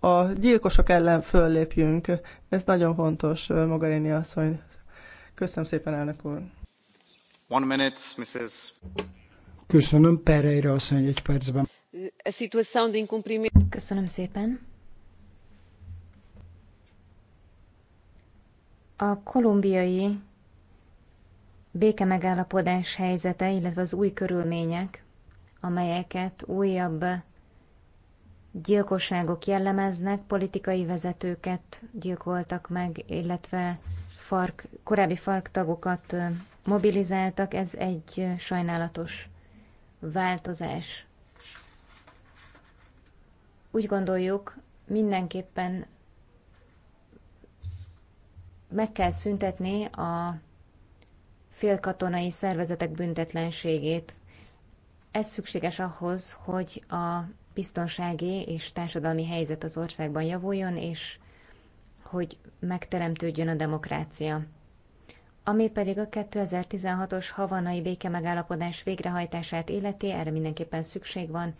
a gyilkosok ellen föllépjünk. Ez nagyon fontos, Mogherini asszony. Köszönöm szépen, elnök úr. One minute, Mrs. Köszönöm, Pereira asszony egy percben. Köszönöm szépen. A kolumbiai békemegállapodás helyzete, illetve az új körülmények amelyeket újabb gyilkosságok jellemeznek, politikai vezetőket gyilkoltak meg, illetve fark, korábbi farktagokat mobilizáltak, ez egy sajnálatos változás. Úgy gondoljuk, mindenképpen meg kell szüntetni a félkatonai szervezetek büntetlenségét. Ez szükséges ahhoz, hogy a biztonsági és társadalmi helyzet az országban javuljon, és hogy megteremtődjön a demokrácia. Ami pedig a 2016-os havanai békemegállapodás végrehajtását illeti, erre mindenképpen szükség van,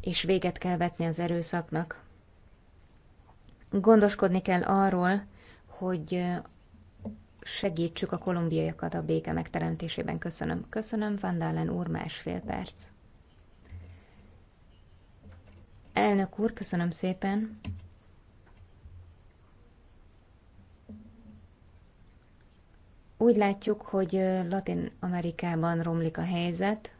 és véget kell vetni az erőszaknak. Gondoskodni kell arról, hogy segítsük a kolumbiaiakat a béke megteremtésében. Köszönöm. Köszönöm, Van úr, másfél perc. Elnök úr, köszönöm szépen. Úgy látjuk, hogy Latin Amerikában romlik a helyzet.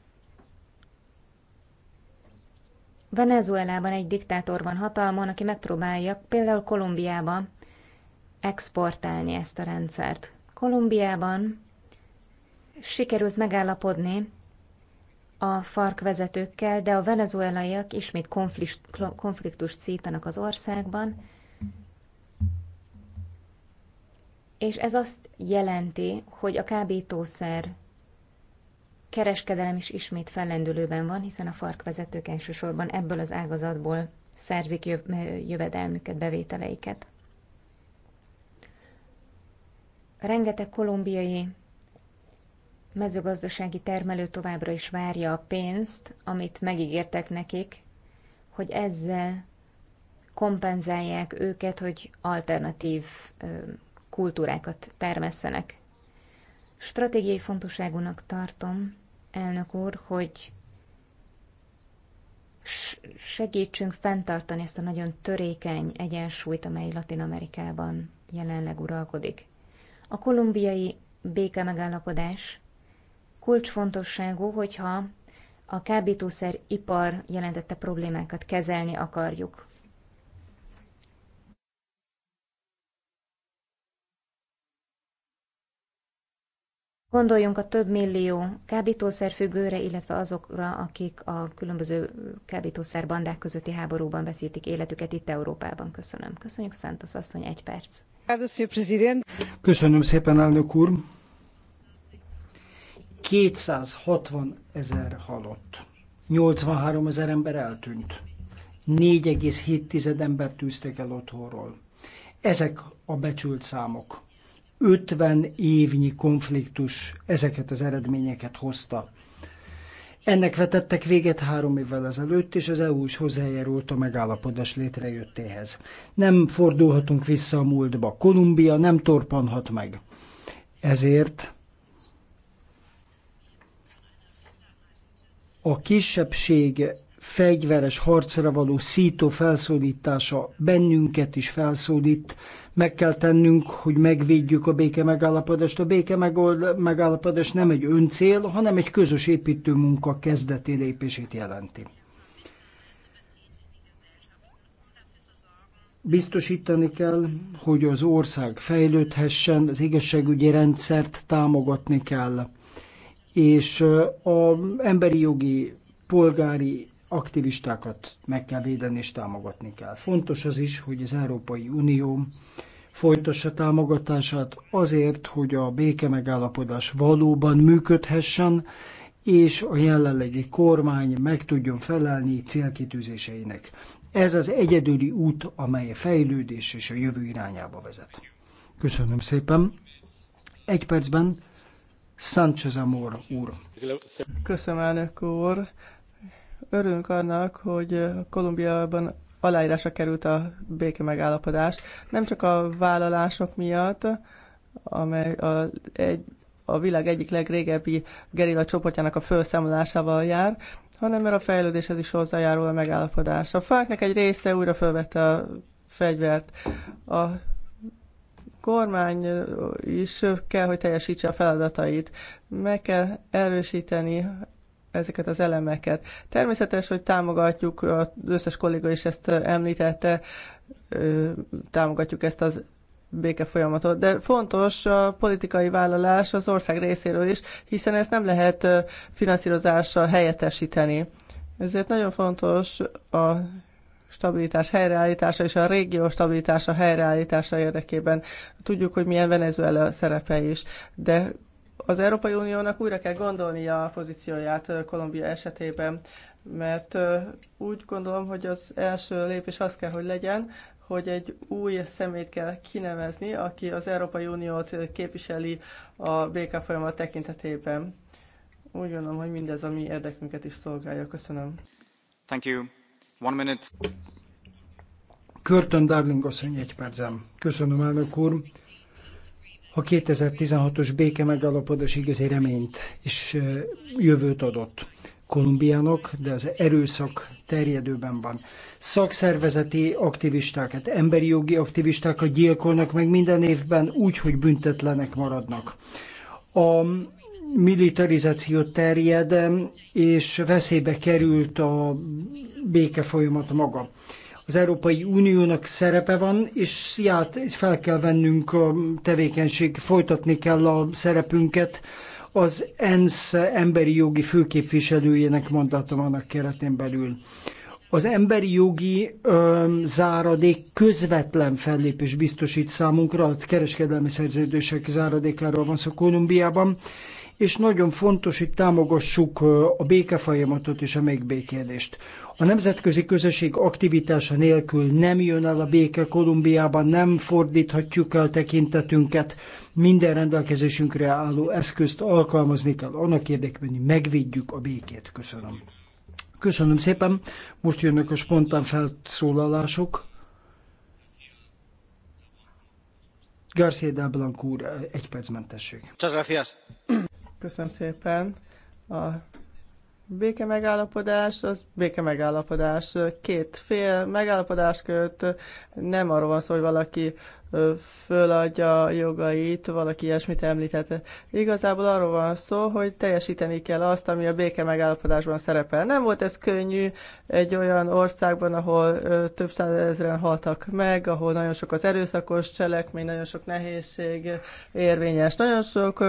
Venezuelában egy diktátor van hatalmon, aki megpróbálja például Kolumbiában exportálni ezt a rendszert. Kolumbiában sikerült megállapodni a FARC vezetőkkel, de a venezuelaiak ismét konfliktust szítanak az országban, és ez azt jelenti, hogy a kábítószer kereskedelem is ismét fellendülőben van, hiszen a fark vezetők elsősorban ebből az ágazatból szerzik jövedelmüket, bevételeiket. Rengeteg kolumbiai mezőgazdasági termelő továbbra is várja a pénzt, amit megígértek nekik, hogy ezzel kompenzálják őket, hogy alternatív kultúrákat termesszenek. Stratégiai fontosságúnak tartom, elnök úr, hogy segítsünk fenntartani ezt a nagyon törékeny egyensúlyt, amely Latin Amerikában jelenleg uralkodik. A kolumbiai béke megállapodás kulcsfontosságú, hogyha a kábítószer ipar jelentette problémákat kezelni akarjuk. Gondoljunk a több millió kábítószerfüggőre, illetve azokra, akik a különböző kábítószerbandák közötti háborúban veszítik életüket itt Európában. Köszönöm. Köszönjük, Santos asszony, egy perc. Köszönöm szépen, elnök úr. 260 ezer halott. 83 ezer ember eltűnt. 4,7 ember tűztek el otthonról. Ezek a becsült számok. 50 évnyi konfliktus ezeket az eredményeket hozta. Ennek vetettek véget három évvel ezelőtt, és az EU is hozzájárult a megállapodás létrejöttéhez. Nem fordulhatunk vissza a múltba. Kolumbia nem torpanhat meg. Ezért a kisebbség fegyveres harcra való szító felszólítása bennünket is felszólít. Meg kell tennünk, hogy megvédjük a béke megállapodást. A béke megállapodás nem egy öncél, hanem egy közös építő munka kezdeti lépését jelenti. Biztosítani kell, hogy az ország fejlődhessen, az igazságügyi rendszert támogatni kell, és az emberi jogi, polgári aktivistákat meg kell védeni és támogatni kell. Fontos az is, hogy az Európai Unió folytassa támogatását azért, hogy a béke megállapodás valóban működhessen, és a jelenlegi kormány meg tudjon felelni célkitűzéseinek. Ez az egyedüli út, amely a fejlődés és a jövő irányába vezet. Köszönöm szépen. Egy percben Sánchez Amor úr. Köszönöm, elnök úr. Örülünk annak, hogy Kolumbiában aláírásra került a béke megállapodás. Nem csak a vállalások miatt, amely a, egy, a világ egyik legrégebbi gerilla csoportjának a felszámolásával jár, hanem mert a fejlődéshez is hozzájárul a megállapodás. A fáknak egy része újra felvette a fegyvert. A kormány is kell, hogy teljesítse a feladatait. Meg kell erősíteni ezeket az elemeket. Természetes, hogy támogatjuk, az összes kolléga is ezt említette, támogatjuk ezt az béke folyamatot, de fontos a politikai vállalás az ország részéről is, hiszen ezt nem lehet finanszírozással helyettesíteni. Ezért nagyon fontos a stabilitás helyreállítása és a régió stabilitása helyreállítása érdekében. Tudjuk, hogy milyen Venezuela szerepe is, de az Európai Uniónak újra kell gondolnia a pozícióját Kolumbia esetében, mert úgy gondolom, hogy az első lépés az kell, hogy legyen, hogy egy új szemét kell kinevezni, aki az Európai Uniót képviseli a béka folyamat tekintetében. Úgy gondolom, hogy mindez a mi érdekünket is szolgálja. Köszönöm. Thank you. One minute. Körtön Darling asszony, egy percem. Köszönöm, elnök úr a 2016-os béke megállapodás igazi reményt és jövőt adott kolumbiának, de az erőszak terjedőben van. Szakszervezeti aktivistákat, emberi jogi aktivistákat gyilkolnak meg minden évben úgy, hogy büntetlenek maradnak. A militarizáció terjed, és veszélybe került a béke folyamat maga az Európai Uniónak szerepe van, és ját, fel kell vennünk a tevékenység, folytatni kell a szerepünket az ENSZ emberi jogi főképviselőjének mandátumának keretén belül. Az emberi jogi ö, záradék közvetlen fellépés biztosít számunkra, a kereskedelmi szerződések záradékáról van szó Kolumbiában, és nagyon fontos, hogy támogassuk a békefolyamatot és a megbékélést. A nemzetközi közösség aktivitása nélkül nem jön el a béke Kolumbiában, nem fordíthatjuk el tekintetünket, minden rendelkezésünkre álló eszközt alkalmazni kell annak érdekében, hogy megvédjük a békét. Köszönöm. Köszönöm szépen. Most jönnek a spontán felszólalások. García de úr, egy percben tessék. Köszönöm szépen. A béke megállapodás, az béke megállapodás. Két fél megállapodás köt, nem arról van szó, hogy valaki föladja jogait, valaki ilyesmit említett. Igazából arról van szó, hogy teljesíteni kell azt, ami a béke megállapodásban szerepel. Nem volt ez könnyű egy olyan országban, ahol több százezeren haltak meg, ahol nagyon sok az erőszakos cselekmény, nagyon sok nehézség érvényes, nagyon sok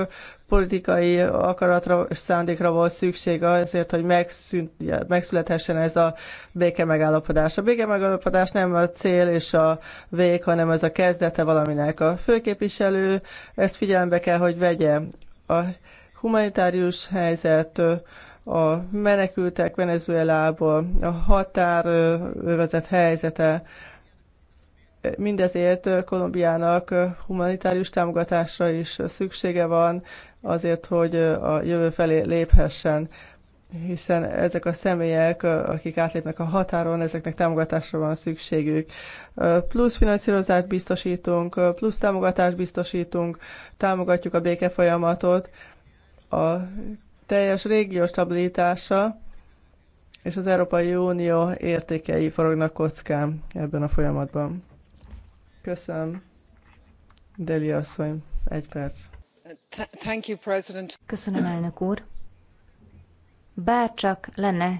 politikai akaratra és szándékra volt szükség azért, hogy megszűnt, megszülethessen ez a béke megállapodás. A béke megállapodás nem a cél és a vég, hanem ez a kezdete valaminek. A főképviselő ezt figyelembe kell, hogy vegye. A humanitárius helyzet a menekültek Venezuelából, a határövezet helyzete, mindezért Kolumbiának humanitárius támogatásra is szüksége van, azért, hogy a jövő felé léphessen, hiszen ezek a személyek, akik átlépnek a határon, ezeknek támogatásra van szükségük. Plusz finanszírozást biztosítunk, plusz támogatást biztosítunk, támogatjuk a békefolyamatot, a teljes régió stabilitása és az Európai Unió értékei forognak kockán ebben a folyamatban. Köszönöm. Deli asszony, egy perc. Köszönöm, elnök úr. Bár csak lenne